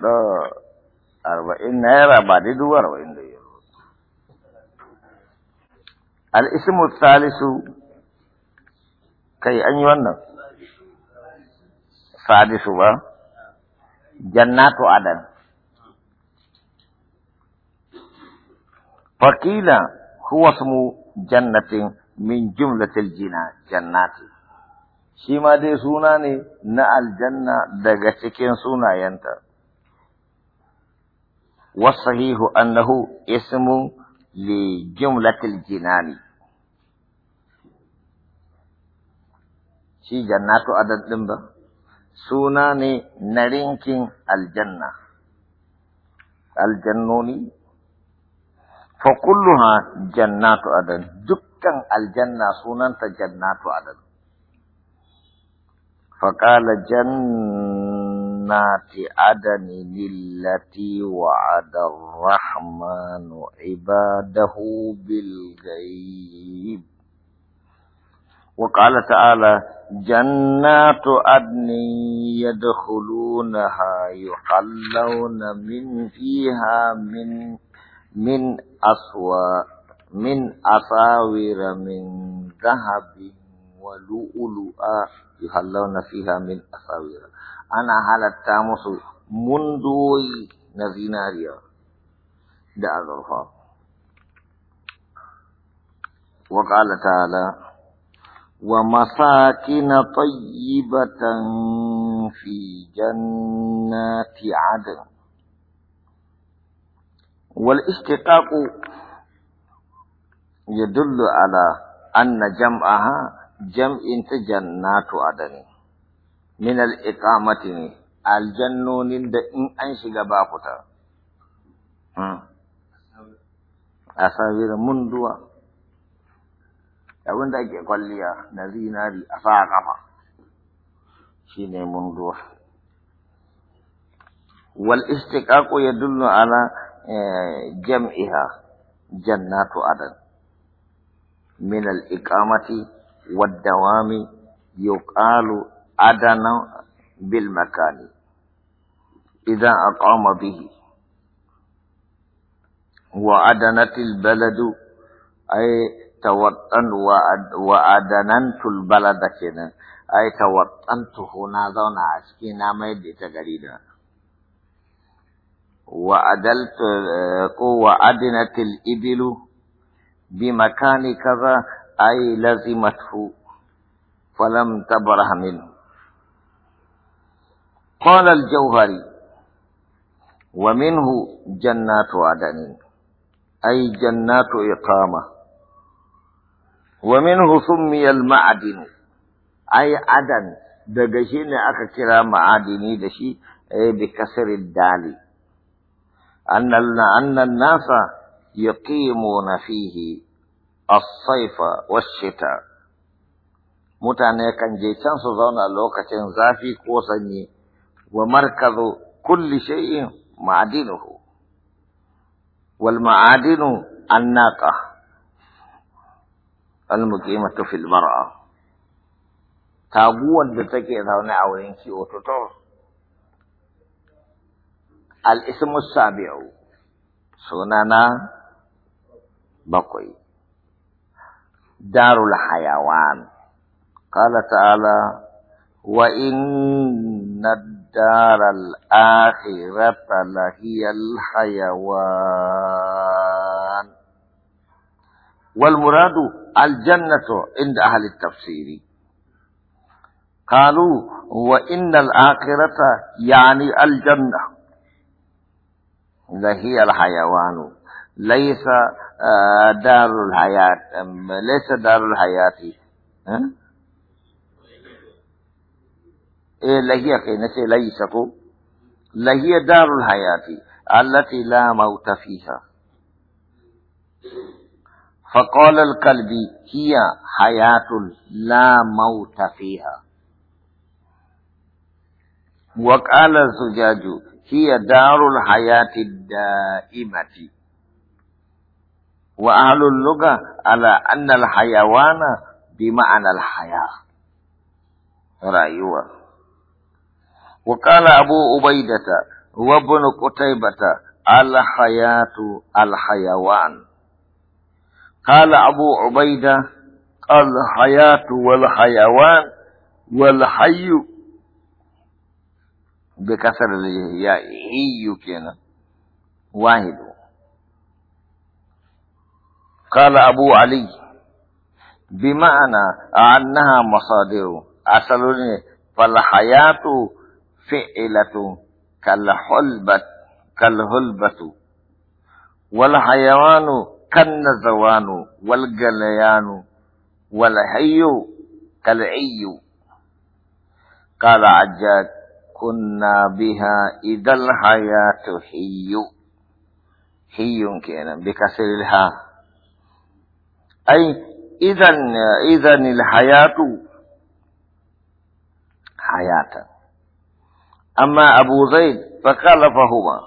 لا أربعين نيرة بعد دو أربعين نيرة الاسم الثالث كي أن يوانا سادس با جنات عدن فقيل هو اسم جنة من جملة الجنة جنات شما دي سوناني نا الجنة دغا سكين سونا ينتر والصحيح أنه اسم لجملة الجنان شي جنات عدد لمبا سوناني نرينكين الجنة الجنوني فكلها جنات عدد دكان الجنة سونان جنات عدد فقال جن جنات عدن التي وعد الرحمن عباده بالغيب وقال تعالى جنات عدن يدخلونها يحلون من فيها من من أسوأ من أساور من ذهب ولؤلؤا يحلون فيها من أساور ana halatta musu mundoyi na zinariya da azurfa. Wa ƙala ta'ala, wa masakina tayyibatan fi jannati adin. Wal istiqaƙu يدل على أن جمعها جمع جنات عدن min al ne aljannonin da in an shiga bakuta hmm. a sabira munduwa abin da ake kwalliya na zinari a sa kafa shi ne munduwa wal istiqaqu yadullu ala eh, jam'iha jannatu adan min al iqamati wad dawami yuqalu عدنا بالمكان إذا أقام به وعدنت البلد أي توطن وعدننت البلد كنا أي توطنت هنا دون عسكينا ما يدي تقريبا وعدلت وعدنت الإبل بمكان كذا أي لزمته فلم تبره منه قال الجوهري ومنه جنات عدن أي جنات إقامة ومنه سمي المعدن أي عدن دقشين أكثر معادني دشي بكسر الدال أن أن الناس يقيمون فيه الصيف والشتاء متى كان جيتان سوزون لوكا زافي كوسني ومركز كل شيء معدنه والمعادن الناقة المقيمة في المرأة تابوا لتكي ذونا أولين كي أوتوتور الاسم السابع سنانا بقي دار الحيوان قال تعالى وإن الدار الآخرة لهي الحيوان والمراد الجنة عند أهل التفسير قالوا وإن الآخرة يعني الجنة لهي الحيوان ليس آه، دار الحياة ليس دار الحياة إيه، هي قينة ليست لهي دار الحياة التي لا موت فيها فقال القلب هي حياة لا موت فيها وقال الزجاج هي دار الحياة الدائمة وأهل اللغة على أن الحيوان بمعنى الحياة رأيوه وقال أبو عبيدة وابن قتيبة الحياة الحيوان قال أبو عبيدة الحياة والحيوان والحي بكسر هي كان واحد قال أبو علي بمعنى أنها مصادر أصلني فالحياة الفئلة كالحلبة كالهلبة والحيوان كالنزوان والجليان والحي كالعي قال عجاج كنا بها إذا الحياة حي حي كان بكسر الها أي إذا إذا الحياة حياة أما أبو زيد فخلفهما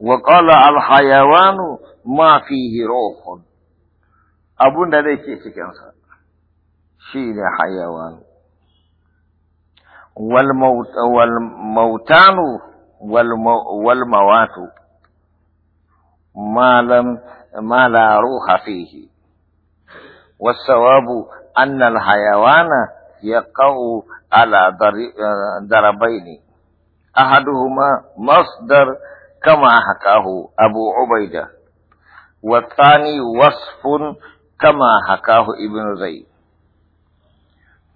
وقال الحيوان ما فيه روح أبو da zai ce cikinsa حيوان ne hayawan walmautanu والموات ما لا روح فيه والصواب أن الحيوان يقع على ضربين أحدهما مصدر كما حكاه أبو عبيدة والثاني وصف كما حكاه ابن زيد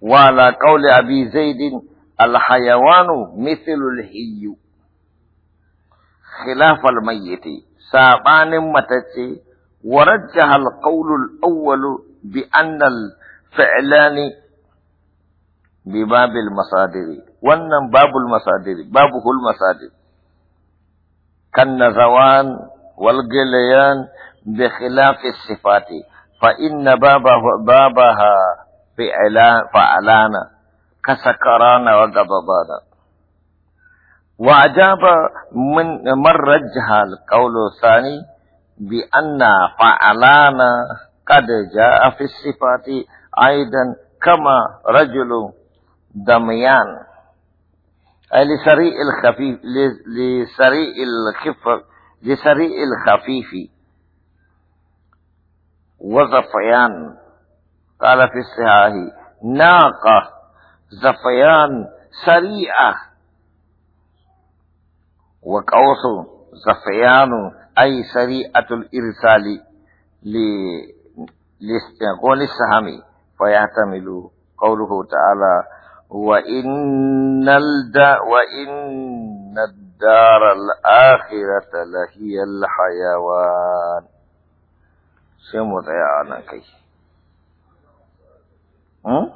وعلى قول أبي زيد الحيوان مثل الهي خلاف الميت سابان متتي ورجح القول الأول بأن الفعلان بباب المصادر وانن باب المصادر باب كل مصادر كالنزوان والقليان بخلاف الصفات فإن باب بابها فعلان فعلان كسكران وغضبان وعجاب من من رجها القول الثاني بأن فعلان قد جاء في الصفات أيضا كما رجل دميان أي لسريء الخفيف لسريء الخف لسريء الخفيف وزفيان قال في السهاه ناقة زفيان سريعة وقوس زفيان أي سريعة الإرسال لقول السهم فيحتمل قوله تعالى وإن الد وإن الدار الآخرة لهي الحيوان شمر يا أنكي هم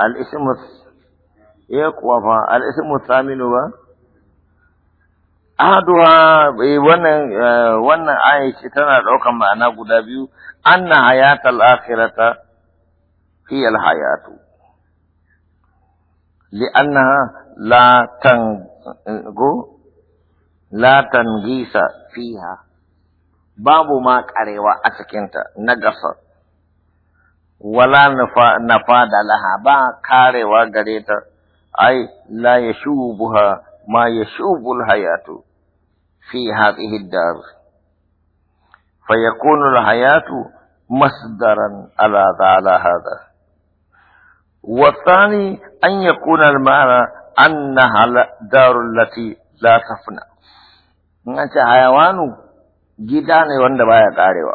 الاسم يقوى الاسم الثامن هو أحدها وانا وانا عايش تنا رقم أنا قدابيو أن حياة الآخرة هي الحياة لأنها لا تنجو لا تنجيس فيها باب ما قريوا أسكنت نقص ولا نفاد لها با كاروا قريتا أي لا يشوبها ما يشوب الحياة في هذه الدار فيكون الحياة مصدرا على هذا والثاني أن يكون المعنى أنها الدار التي لا تفنى أنت نعم، حيوان جداني واندبايا قاروا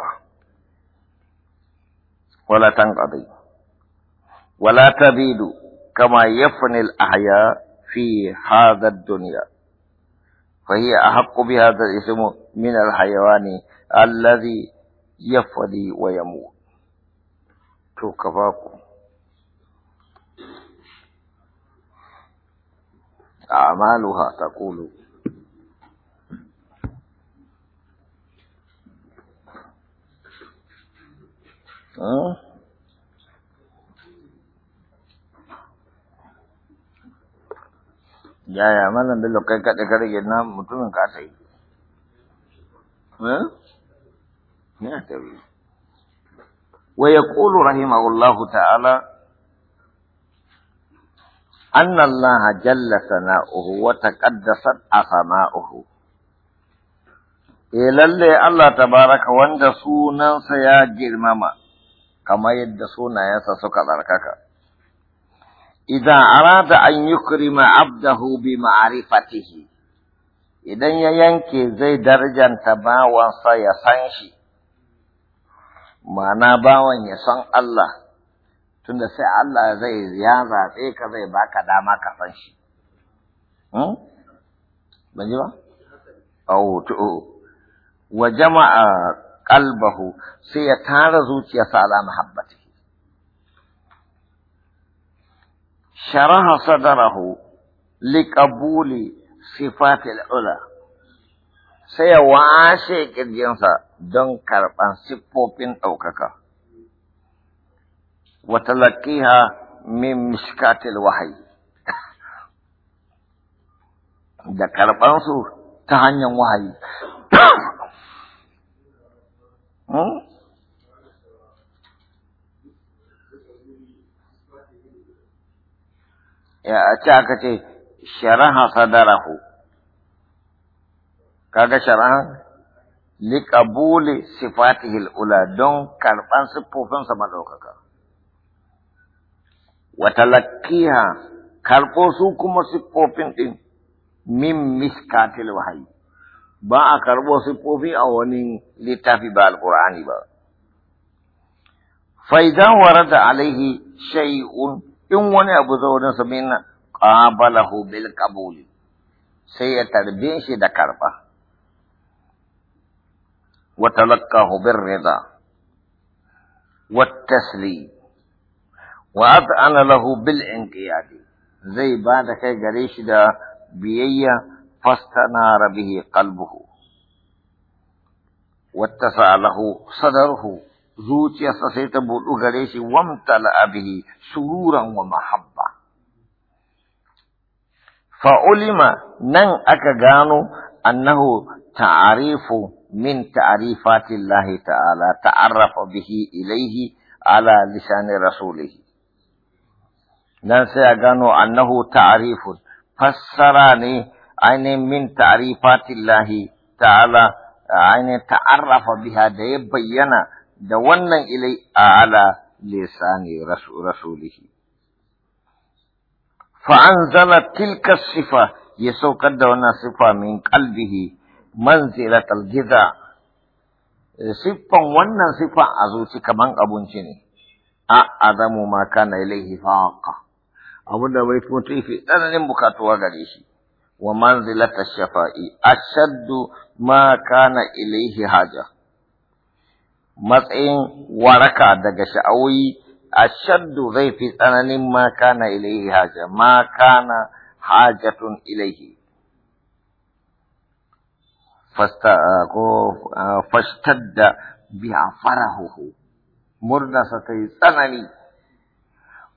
ولا تنقضي ولا تبيد كما يفني الأحياء في هذا الدنيا فهي أحق بهذا الاسم من الحيوان الذي يفني ويموت توقفاكم أعمالها تقول أه؟ yaya malam bello kai kaɗe ka rage na mutumin ka ta yi ne ya ƙulu rahimahullahu ta'ala أن الله جل ثناؤه وتقدست أسماؤه إلى اللي الله تبارك وند سونا سيا جرمما كما يد سونا يسسك ذركك إذا أراد أن يكرم عبده بمعرفته إذا ya yanke zai darjanta bawansa ya san shi, mana bawan ya san tunda sai Allah zai ya zaɓe ka zai baka dama ka san shi. Hmm? Ban ji ba? Oh, to, wa jama'a sai ya tara zuciyarsa ala mahabbati. Sharaha sadarahu liƙabuli sifatil ula sai ya washe ƙirjinsa don karɓan siffofin ɗaukaka. وتلقيها من مشكات الوحي da karɓansu ta hanyar wahayi. Ya ce aka ce, sharaha sadarahu, kaga sharaha liƙabuli sifatihil ula don karɓan siffofinsa maɗaukaka. watalakiha karɓo su kuma siffofin ɗin min miskatil wahayi ba a karɓo siffofi a wani littafi ba alƙur'ani ba faidan warada alaihi shay'un in wani abu zaurin sa min qabalahu bil qabuli sai ya tarbe shi da karba wa talaqahu bir rida wa taslim واذعن له بالانقياد زي بعد كي غريش دا بيي فاستنار به قلبه واتسع له صدره زوج يستسيت بولو قريش وامتلأ به سرورا ومحبة فعلم نن أكغانو أنه تعريف من تعريفات الله تعالى تعرف به إليه على لسان رسوله dan sai a gano annahu ta'rifun fassara ne ainihin min ta'rifatillahi ta'ala ainihin ta'arrafa biha da ya bayyana da wannan ilai a ala lisani rasulihi fa'anzala tilka sifa ya saukar da wannan sifa min kalbihi manzilatal giza siffan wannan sifa a zuci kaman abinci ne a azamu ma kana ilaihi faqa abin da bai fito fi tsananin bukatuwa gare shi wa manzilata shafa'i ashaddu ma kana ilaihi haja matsayin waraka daga sha'awi ashaddu zai fi tsananin ma kana ilaihi haja ma kana hajatun ilaihi fashtadda biha farahuhu murna sa ta yi tsanani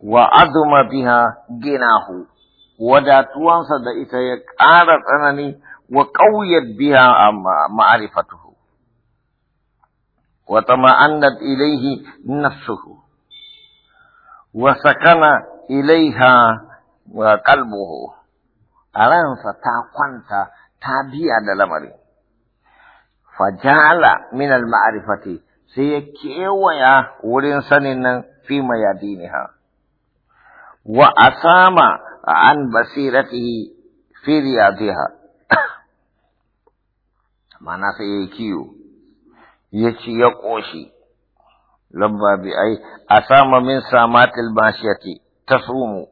wa azuma biha ginahu wadatuwansa da ita ya ƙara tsanani wa ƙauyar biha a ma'arifatuhu wa tama'annat ilaihi nafsuhu wa sakana ilaiha wa qalbuhu a ransa ta kwanta ta biya da lamari fajala min al-ma'rifati sai ya kewaya wurin sanin nan fi mayadiniha واسام عن بصيرته في رياضها ما سي كيو يشي يقوشي لبا بي اسام من سامات الباشيه تصوم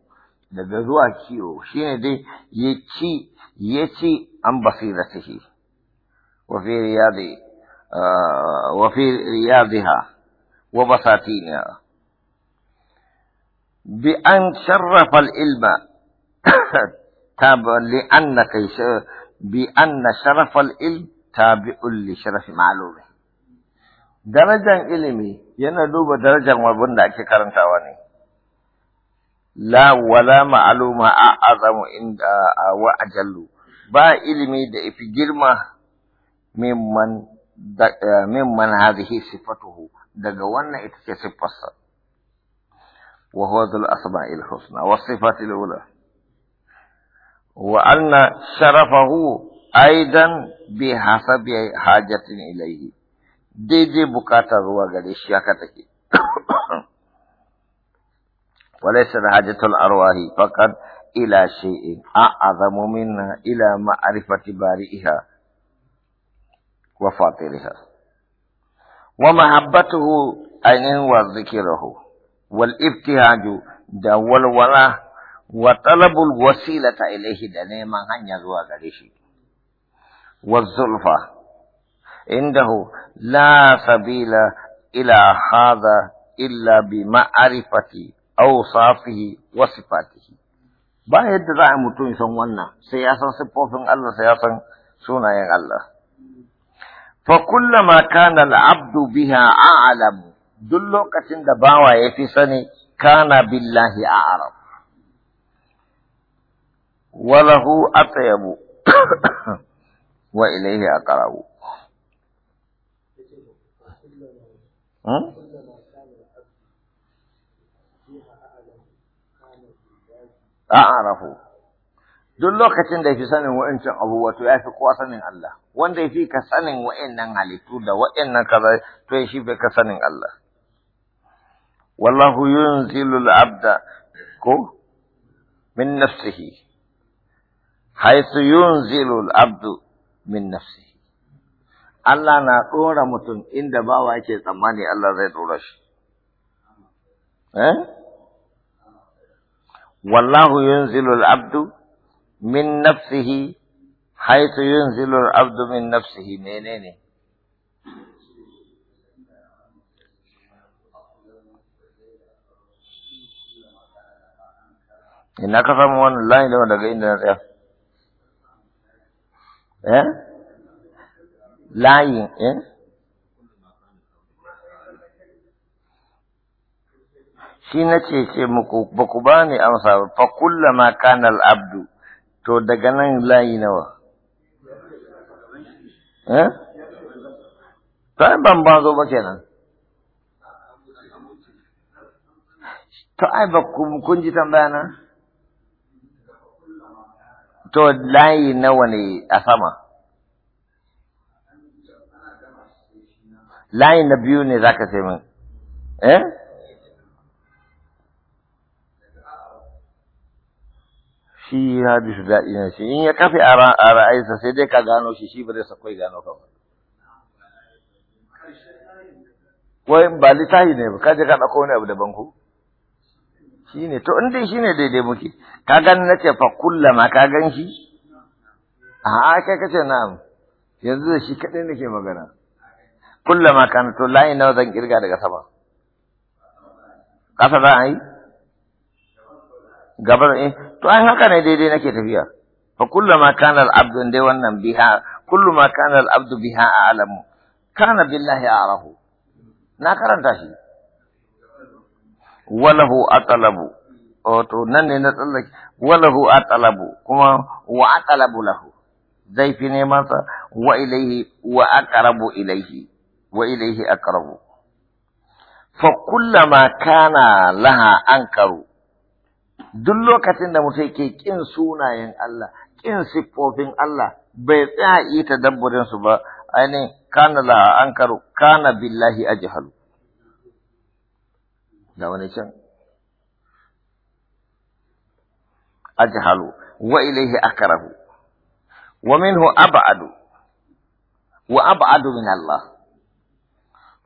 daga zuwa ciwo shi ne dai ya ci ya ci an basira su shi wafi بأن شرف العلم لأن بأن شرف العلم تابع لشرف معلومه darajan ilimi yana duba darajan abin da ake karantawa ne la wala ma'aluma a azamu inda wa ajallu ba ilimi da ifi girma mimman mimman hadhihi sifatuhu daga wannan ita ce siffarsa وهو ذو الأسماء الحسنى والصفات الأولى وأن شرفه أيضا بحسب حاجة إليه دي دي بكاتا رواغل الشياكتك وليس حاجة الأرواح فقط إلى شيء أعظم منها إلى معرفة بارئها وفاطرها ومحبته أين وذكره والابتهاج دا والولا وطلب الوسيلة إليه دا ما هنيا زوا غريشي والزلفة عنده لا سبيل إلى هذا إلا بمعرفة أوصافه وصفاته ba yadda za a mutum san wannan sai ya san siffofin Allah sai ya san duk lokacin da bawa ya fi sani kana billahi a arab walahu tsayabu wa ilaihi aqrabu hmm? a arafu duk lokacin da ya fi sanin wa'ancin abu wato ya fi kowa sanin Allah wanda ya fi ka sanin wa'in nan halittu da wa'in nan kaza to ya shi bai ka sanin Allah wallahu yunzilul abda ko min nafsihi haythu yunzilul abdu min nafsihi Allah na ɗora mutum inda bawa yake tsammani Allah zai ɗora shi. Eh? Wallahu yunzilul abdu min nafsihi haythu yunzilul abdu min nafsihi menene? ina ka samu wannan layin da daga inda na tsaya eh layin eh shi na ce ce muku ba ku ba ni amsa ba fa ma kanal abdu to daga nan layi nawa eh ta ban ba zo ba kenan to ai ba kun ji tambaya na To layi nawa ne a sama? Layi na biyu ne za ka ce min. Eh? Shi ya bi su daɗi ne shi, in ya kafe a ra'ayinsa sai dai ka gano shi shi ba zai sakwai gano ka ba. Wai ba littahi ne ba, ka je ka ɗauko wani abu daban ku? shine to in dai shine daidai muke ka gan na ce fa kullama ka gan shi a kai kace na'am yanzu da shi kadai nake magana kullama kana to layi nawa zan kirga daga sama kasa za a yi gabar eh to ai haka ne daidai nake tafiya fa kullama kana al-abdu dai wannan biha kullama kana al-abdu biha a'lamu kana billahi a'rahu na karanta shi walahu atalabu wato oh, nan ne na tsallake walahu atalabu kuma wa atalabu lahu zai fi neman sa wa ilaihi wa aqrabu ilaihi wa ilaihi aqrabu fa kullama kana laha ankaru duk lokacin da mutum ke kin sunayen Allah kin siffofin Allah bai tsaya ita tadabburin su ba ainihin kana laha ankaru kana billahi ajhalu أجهل وإليه أكره ومنه أبعد وأبعد من الله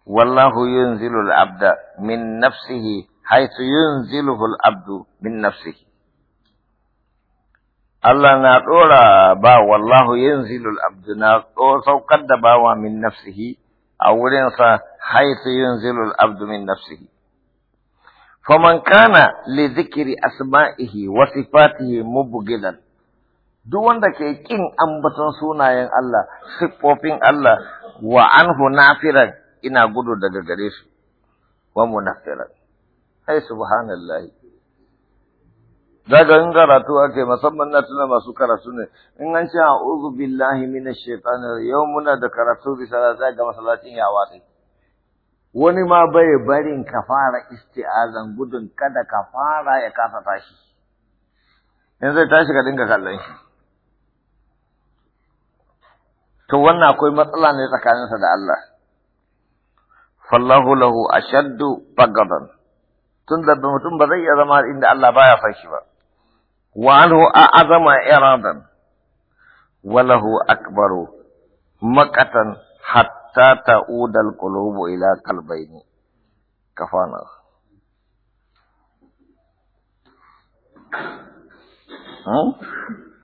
والله ينزل العبد من نفسه حيث ينزله العبد من نفسه الله نقول با والله ينزل العبد نقول قد با من نفسه أولين حيث ينزل العبد من نفسه faman kana li zikiri asma'ihi wa sifatihi mubghidan duk wanda ke kin ambaton sunayen Allah siffofin Allah wa anhu nafiran ina gudu daga gare shi wa munafiran ai subhanallahi daga in karatu ake musamman na tuna masu karatu ne in an ce a'udhu billahi minash shaitanir yau muna da karatu risala za ga masallacin yawa sai wani ma bai barin ka fara isti'azan gudun kada ka fara ya kasa tashi in zai tashi ka dinga kallon shi to wannan akwai matsala ne tsakaninsa da Allah fallahu lahu ashaddu bagadan tun da mutum ba zai iya zama inda Allah baya son shi ba wa anhu a'azama iradan wa lahu akbaru maqatan hatta حتى تعود القلوب إلى قلبين كفانا ها